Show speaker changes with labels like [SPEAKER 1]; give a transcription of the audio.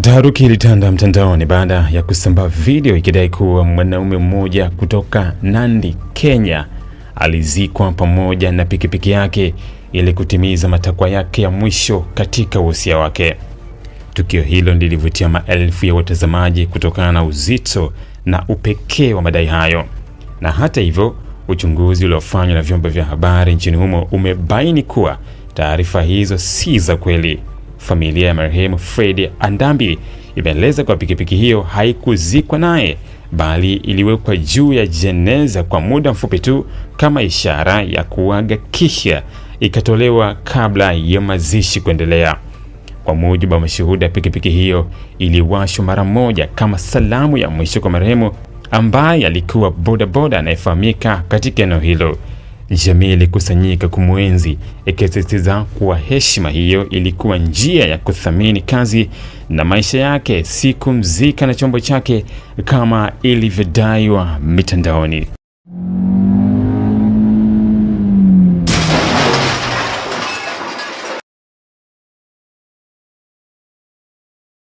[SPEAKER 1] Taharuki ilitanda mtandaoni baada ya kusambaa video ikidai kuwa mwanaume mmoja kutoka Nandi, Kenya alizikwa pamoja na pikipiki yake ili kutimiza matakwa yake ya mwisho katika uhusia wake. Tukio hilo lilivutia maelfu ya watazamaji kutokana na uzito na upekee wa madai hayo. Na hata hivyo, uchunguzi uliofanywa na vyombo vya habari nchini humo umebaini kuwa taarifa hizo si za kweli. Familia ya marehemu Fred Andambi imeeleza kuwa pikipiki hiyo haikuzikwa naye bali iliwekwa juu ya jeneza kwa muda mfupi tu kama ishara ya kuaga, kisha ikatolewa kabla ya mazishi kuendelea. Kwa mujibu wa mashuhuda, pikipiki hiyo iliwashwa mara moja kama salamu ya mwisho kwa marehemu ambaye alikuwa bodaboda anayefahamika katika eneo hilo. Jamii ilikusanyika kumwenzi, ikisisitiza kuwa heshima hiyo ilikuwa njia ya kuthamini kazi na maisha yake, si kumzika na chombo chake kama ilivyodaiwa mitandaoni.